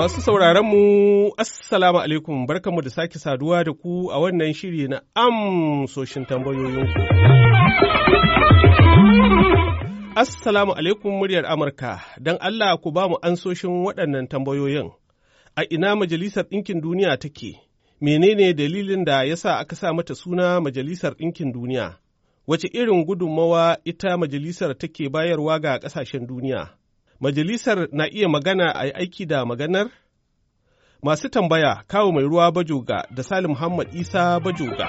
Masu sauraronmu, Assalamu alaikum, barkanmu da sake saduwa da ku a wannan shiri na amsoshin tambayoyinku. Assalamu alaikum muryar Amurka, don Allah ku ba mu ansoshin waɗannan tambayoyin. A ina Majalisar Ɗinkin Duniya take, menene dalilin da ya sa aka sa mata suna Majalisar Ɗinkin Duniya? Wace irin gudunmawa ita majalisar take bayarwa ga ƙasashen duniya? Majalisar na iya magana a yi aiki da maganar? Masu tambaya kawo mai ruwa bajoga da Salim Muhammad Isa bajoga.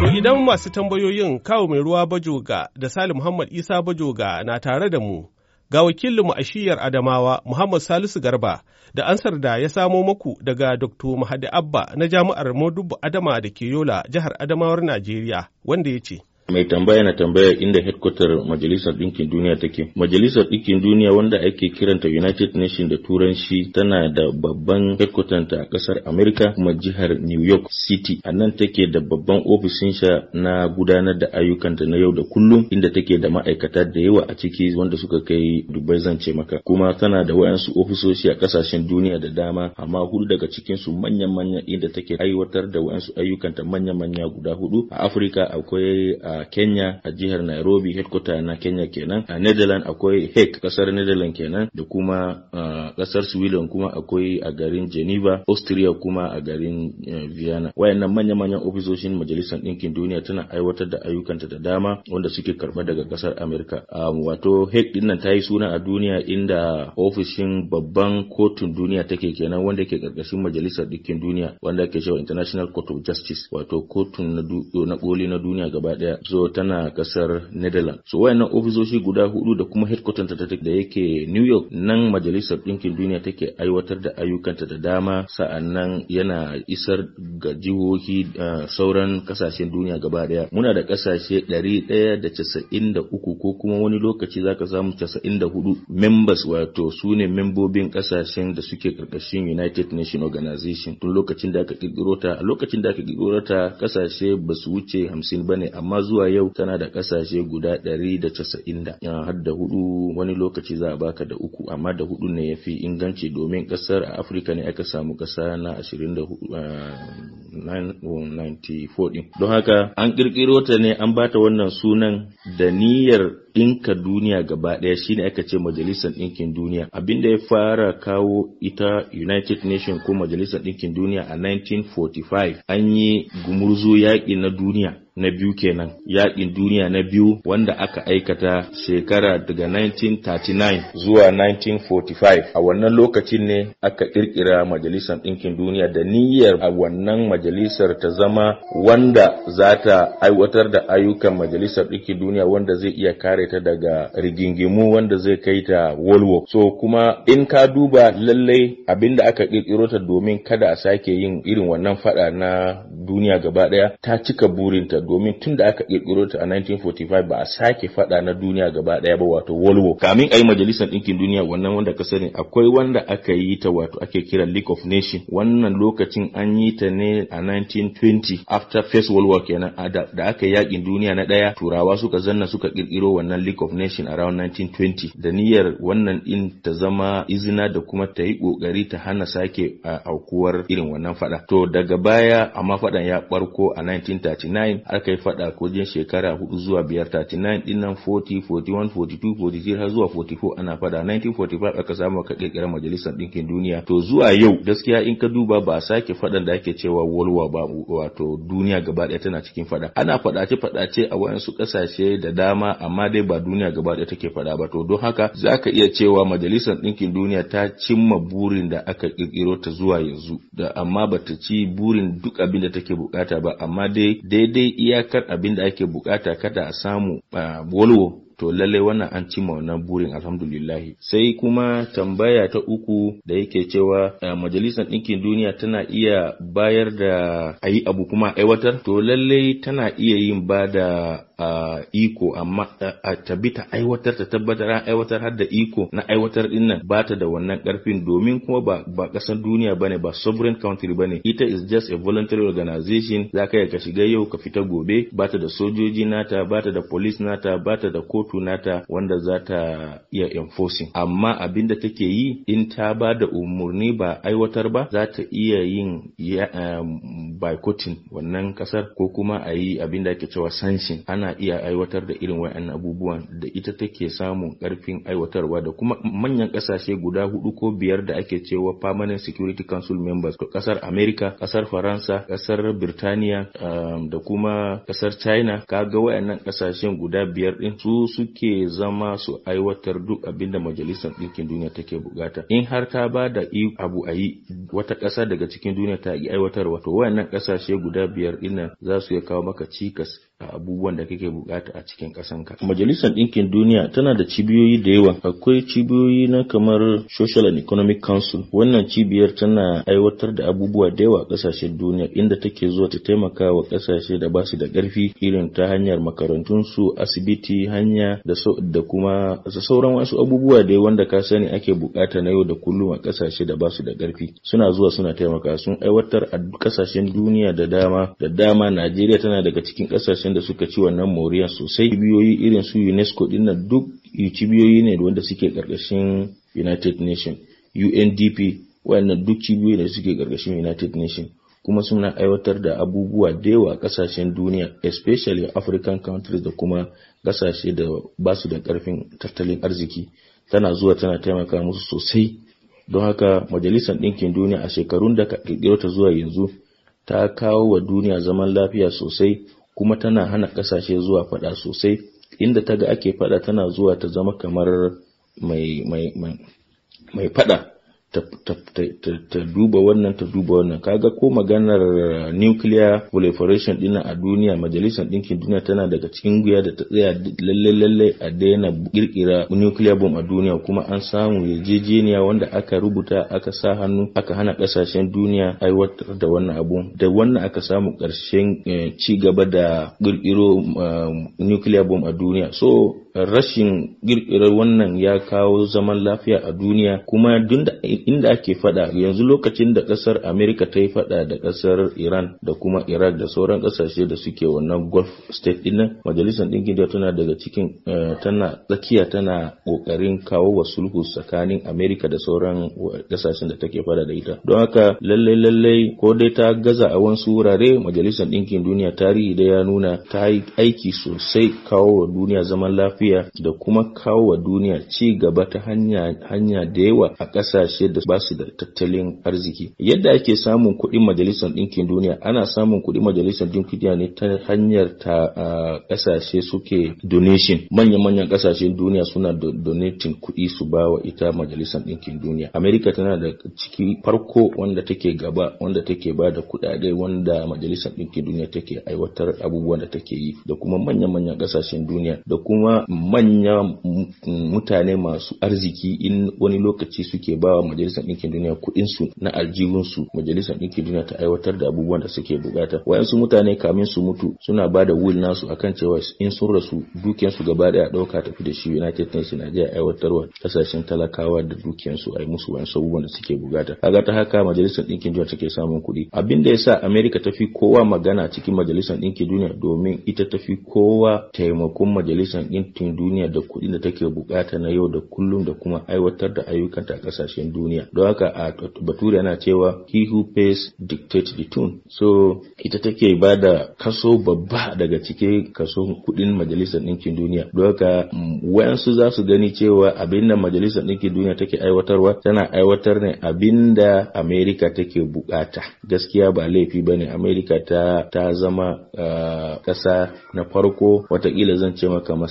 To idan masu tambayoyin kawo mai ruwa bajoga da Salim Muhammad Isa bajoga na tare da mu, ga wakilinmu a shiyar Adamawa Muhammad Salisu Garba da ansar da ya samo maku daga Dr. Mahadi Abba na Jami'ar Modubu Adama da ke Yola, jihar Adamawar Najeriya, wanda ya ce. mai tambaya na tambaya inda headquarter majalisar ɗinkin duniya take majalisar ɗinkin duniya wanda ake kiranta united nations da turanci tana da babban headquarter ta a ƙasar america kuma jihar new york city a nan take da babban ofishin sha na gudanar da ayyukanta na yau da kullum inda take da ma'aikata da yawa a ciki wanda suka kai dubai ce maka kuma tana da wayansu ofisoshi a kasashen duniya da dama amma hudu daga cikin su manya-manya inda take aiwatar da wayansu ayyukanta manya-manya guda hudu a afirka akwai a Kenya a jihar Nairobi headquarter na Kenya kenan a Netherlands akwai Hague kasar Netherlands kenan da kuma kasar Sweden kuma akwai a garin Geneva Austria kuma a garin eh, Vienna wayannan manya-manyan ofisoshin majalisar ɗinkin duniya tana aiwatar da ayyukanta da dama wanda suke karɓa daga kasar Amerika wato Hague din nan ta yi suna a duniya inda ofishin babban kotun duniya take kenan wanda ke karkashin majalisar ɗinkin duniya wanda ke cewa International Court of Justice wato kotun na koli na duniya gaba daya zo tana kasar Netherlands so wayannan ofisoshi guda hudu da kuma headquarters ta da yake New York nan majalisar ɗinkin duniya take aiwatar da ayyukanta da dama sa'annan yana isar ga jihohi sauran kasashen duniya gaba daya muna da kasashe 193 ko kuma wani lokaci zaka samu 94 members wato su ne membobin kasashen da suke karkashin United Nation Organization tun lokacin da aka kirkiro a lokacin da aka kirkiro ta kasashe ba su wuce 50 bane amma zuwa zuwa yau tana da kasashe guda ɗari da casa'in da har da hudu wani lokaci za a baka da uku amma da hudu ne ya fi inganci domin kasar a afirka ne aka samu kasa na 24. don haka an kirkiro ta ne an bata wannan sunan da niyyar ɗinka duniya gaba ɗaya shine aka ce majalisar ɗinkin duniya abinda ya fara kawo ita united nation ko majalisar ɗinkin duniya a 1945 an yi gumurzu yaƙi na duniya na biyu kenan yakin duniya na biyu wanda aka aikata shekara daga 1939 zuwa 1945 a wannan lokacin ne aka kirkira majalisar ɗinkin duniya da niyyar a wannan majalisar ta zama wanda za ta aiwatar da ayyukan majalisar ɗinkin duniya wanda zai iya kare ta daga rigingimu wanda zai kai ta world war so kuma in ka duba lallai abinda aka kirkiro ta domin kada a sake yin irin wannan faɗa na duniya gaba ɗaya ta cika burinta domin tun da aka kirkiro ta a 1945 ba a sake fada na duniya gaba daya ba wato wolwo. Kamin a yi majalisar ɗinkin duniya wannan wanda ka sani akwai wanda aka yi ta wato ake kira League of Nations wannan lokacin an yi ta ne a 1920 after First World War kenan da aka yakin duniya na daya turawa suka zanna suka kirkiro wannan League of Nations around 1920 da niyyar wannan din ta zama izina da kuma ta yi kokari ta hana sake aukuwar irin wannan fada to daga baya amma fadan ya barko a 1939 aka yi fada kojin shekara hudu zuwa biyar 39 din nan 40 41 42 43 har zuwa 44 ana fada 1945 aka samu ka kirkira majalisar ɗinkin duniya to zuwa yau gaskiya in ka duba ba sake fadan da ake cewa walwa ba wato duniya gaba ɗaya tana cikin fada ana faɗace faɗace a wayansu kasashe da dama amma dai ba duniya gaba ɗaya take faɗa ba to don haka zaka iya cewa majalisar ɗinkin duniya ta cimma burin da aka kirkiro ta zuwa yanzu da amma bata ci burin duk abin da take bukata ba amma dai daidai iyakar abin da ake bukata kada a samu bolwo. Ah, to lallai wannan an cimma wannan burin alhamdulillah sai kuma tambaya ta uku da yake cewa majalisar ɗinkin duniya tana iya bayar da ayi abu kuma aiwatar to lallai tana iya yin ba da a iko amma a ta aiwatar ta tabbatar an aiwatar har da iko na aiwatar din nan ba ta da wannan karfin domin kuma ba ba duniya bane ba sovereign country bane ita is just a voluntary organization zaka ka shiga yau ka fita gobe ba ta da sojoji nata ba ta da police nata ba ta da ko kotu nata wanda za ta iya enforcing amma abin da take yi in ta ba da umarni ba aiwatar ba za ta iya yin eh, boycotting wannan kasar ko kuma a yi abin da ake cewa sanshin ana iya aiwatar da irin wayan abubuwan da ita take samun karfin aiwatarwa da kuma manyan kasashe guda hudu ko biyar da ake cewa permanent security council members kasar america kasar faransa kasar birtaniya um, da kuma kasar china kaga wayannan kasashen guda biyar din su suke zama su aiwatar duk abin da majalisar ɗinkin duniya take bukata in har ta ba da abu a yi wata ƙasa daga cikin duniya ta yi aiwatarwa to wayannan waɗannan ƙasashe guda biyar ɗinnan za su iya kawo maka cikas a abubuwan da kake bukata a cikin ƙasanka. Majalisar Ɗinkin Duniya tana da cibiyoyi da yawa. Akwai cibiyoyi na kamar Social and Economic Council. Wannan cibiyar tana aiwatar da abubuwa da yawa a ƙasashen duniya inda take zuwa ta taimaka wa ƙasashe da basu da ƙarfi irin ta hanyar makarantunsu, asibiti, hanya da kuma sauran wasu abubuwa da wanda ka sani ake bukata na yau da kullum a ƙasashe da basu da ƙarfi. Suna zuwa suna taimaka sun aiwatar a ƙasashen duniya da dama da dama Najeriya tana daga cikin ƙasashe kasashen da suka ci wannan moriya sosai cibiyoyi irin su unesco din nan duk cibiyoyi ne wanda suke karkashin united nation undp wayannan duk cibiyoyi da suke karkashin united nation kuma suna aiwatar da abubuwa da yawa kasashen duniya especially african countries da kuma kasashe da ba su da karfin tattalin arziki tana zuwa tana taimaka musu sosai don haka majalisar ɗinkin duniya a shekarun da ka ta zuwa yanzu ta kawo wa duniya zaman lafiya sosai kuma tana hana ƙasashe zuwa faɗa sosai inda ta ga ake faɗa tana zuwa ta zama kamar mai, mai, mai faɗa ta duba wannan ta duba wannan kaga ko maganar eh, nuclear proliferation dina a duniya majalisar ɗinkin duniya tana daga cikin guya da ta tsaya lalle lalle a daina kirkira nuclear bomb a duniya kuma an samu yarjejeniya wanda aka rubuta aka sa hannu aka hana ƙasashen duniya aiwatar da wannan abun da wannan aka samu ƙarshen eh, ci gaba da kirkiro eh, nuclear bomb a duniya so rashin girkirar wannan ya kawo zaman lafiya a duniya kuma duk inda ake fada yanzu lokacin da kasar Amerika ta yi fada da kasar Iran da kuma Iraq da sauran kasashe da suke wannan Gulf state din nan majalisar ɗinkin da tana daga cikin eh, tana tsakiya tana kokarin kawo wa sulhu tsakanin Amerika da sauran kasashen da take fada da ita don haka lallai lallai ko dai ta gaza a wasu wurare majalisar dinkin duniya tarihi da ya nuna ta yi aiki sosai kawo wa duniya zaman lafiya lafiya da kuma kawo wa duniya ci gaba ta hanya hanya da yawa a kasashe da ba su da tattalin arziki yadda ake samun kuɗin majalisar ɗinkin duniya ana samun kuɗin majalisar ɗinkin duniya ne ta hanyar ta kasashe suke donation manya-manyan ƙasashen duniya suna donating kuɗi su ba wa ita majalisar ɗinkin duniya america tana da ciki farko wanda take gaba wanda take ba da kuɗaɗe wanda majalisar ɗinkin duniya take aiwatar abubuwan da take yi da kuma manya-manyan ƙasashen duniya da kuma manya mutane masu arziki in wani lokaci suke ba wa majalisar ɗinkin duniya kuɗin su na aljihunsu majalisar ɗinkin duniya ta aiwatar da abubuwan da suke bukata wayansu mutane kamin su mutu suna ba da will nasu akan cewa in sun rasu su gaba daya ɗauka tafi da shi united nations na aiwatar wa kasashen talakawa da dukiyarsu a yi musu wayansu abubuwan da suke bukata kaga ta haka majalisar ɗinkin duniya take samun kuɗi abin da yasa america ta fi kowa magana cikin majalisar ɗinkin duniya domin ita ta fi kowa taimakon majalisar ɗinkin bankin duniya da kuɗi da take bukata na yau da kullum da kuma aiwatar da ayyukanta a kasashen duniya don haka a bature yana cewa he who pays dictates the tune so ita take ba da kaso babba daga cikin kaso kuɗin majalisar ɗinkin duniya don haka wayansu za su gani cewa abin da majalisar ɗinkin duniya take aiwatarwa tana aiwatar ne abin da amerika take bukata gaskiya ba laifi ba ne amerika ta, ta zama ah, ƙasa na farko watakila zan ce maka ma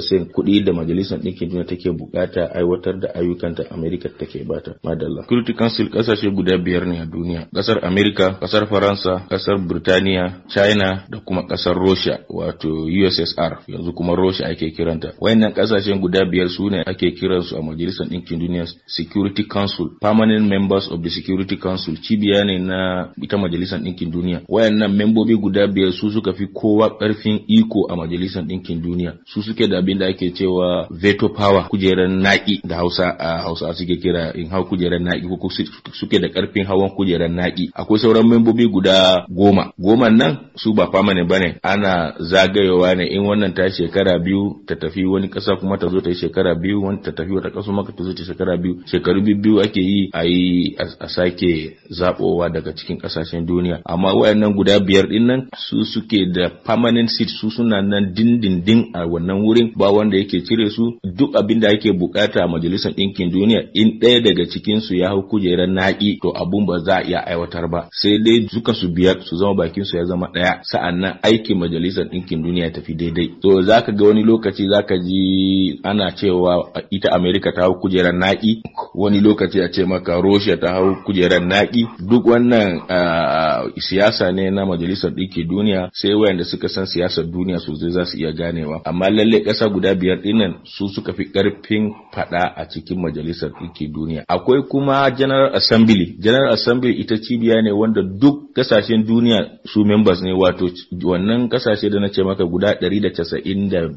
8% kuɗi da majalisar ɗinkin duniya take bukata aiwatar da ayyukan ayyukanta Amerika take bata. Madalla. Security Council kasashe guda biyar ne a duniya. Kasar Amerika, kasar Faransa, kasar Birtaniya, China da kuma kasar Russia wato USSR yanzu kuma Russia ake kiranta. Wayannan kasashen guda biyar su ne ake kiransu a majalisar ɗinkin duniya Security Council Permanent Members of the Security Council cibiya ne na ita majalisar ɗinkin duniya. Wayannan membobi guda biyar su suka fi kowa ƙarfin iko a majalisar ɗinkin duniya. Su suke da abin da ake cewa veto power kujeran naki da Hausa a Hausa suke kira in hau kujeran naki ko suke da karfin hawan kujeran naki akwai sauran membobi guda goma goma nan su ba permanent bane ana zagayowa ne in wannan ta shekara biyu ta tafi wani kasa kuma ta zo ta shekara biyu wani ta tafi wata kasa maka ta zo ta shekara biyu shekaru biyu ake yi a yi a sake zabowa daga cikin kasashen duniya amma wayannan guda biyar dinnan nan su suke da permanent seat su suna nan dindindin a wannan wurin ba wanda yake cire su duk abin da ake bukata a majalisar ɗinkin duniya in ɗaya daga cikin su ya hau kujerar naƙi to abun ba za a iya aiwatar ba sai dai duka su biyar su zama bakin su ya zama ɗaya sa'annan aikin majalisar ɗinkin duniya tafi daidai to zaka ga wani lokaci zaka ji ana cewa ita Amerika ta hau kujerar naƙi wani lokaci a ce maka Russia ta hau kujerar naƙi duk wannan ah, siyasa ne na majalisar ɗinkin duniya sai wayanda suka san siyasar duniya sosai za su iya ganewa amma lalle ƙasa guda biyar dinnan su suka fi ƙarfin faɗa a cikin majalisar ɗinkin duniya akwai kuma general assembly general assembly ita cibiya ne wanda duk kasashen duniya su members ne wato wannan kasashe da na ce maka guda 193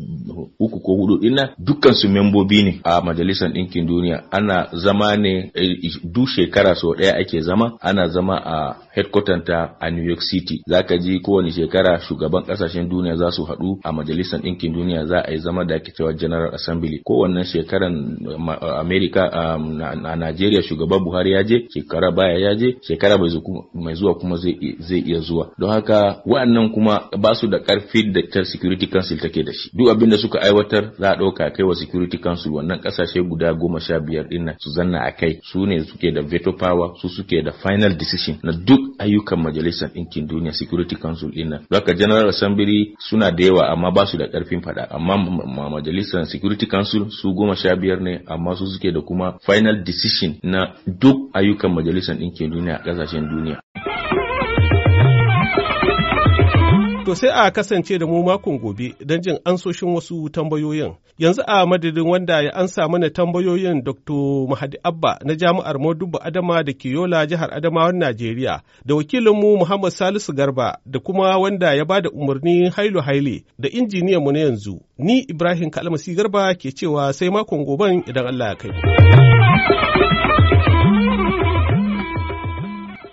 ko hudu dinna dukkan su membobi ne a majalisar ɗinkin duniya ana zama ne eh, duk shekara sau ɗaya ake zama ana zama a headquarter ta a New York City zaka ji kowane shekara shugaban kasashen duniya za su haɗu a majalisar ɗinkin duniya za a yi zama da ake cewa General Assembly wannan shekaran America um, a nigeria shugaban Buhari ya je shekara baya ya je shekara mai zuwa kuma zai zai iya zuwa don haka wa'annan kuma ba su da karfi da ta security council take da shi duk abin da suka aiwatar za a ɗauka kai wa security council wannan ƙasashe guda goma sha biyar ɗin su zanna a kai su ne suke da veto power su suke da final decision na duk ayyukan majalisar ɗinkin duniya security council ɗin nan haka general assembly suna da yawa amma ba su da ƙarfin faɗa amma majalisar security council su goma sha biyar ne amma su suke da kuma final decision na duk ayyukan majalisar ɗinkin duniya a ƙasashen duniya To sai a kasance da mu makon gobe don jin ansoshin wasu tambayoyin. Yanzu a madadin wanda ya ansa mana tambayoyin Dr. Mahadi Abba na Jami'ar Modubu Adama da ke Yola jihar Adamawan Najeriya da wakilinmu Muhammad Salisu Garba da kuma wanda ya bada umarni Hailu Haile da injiniyan mu na yanzu. Ni Ibrahim Kalmasi Garba ke cewa sai makon goben idan Allah ya kai mu.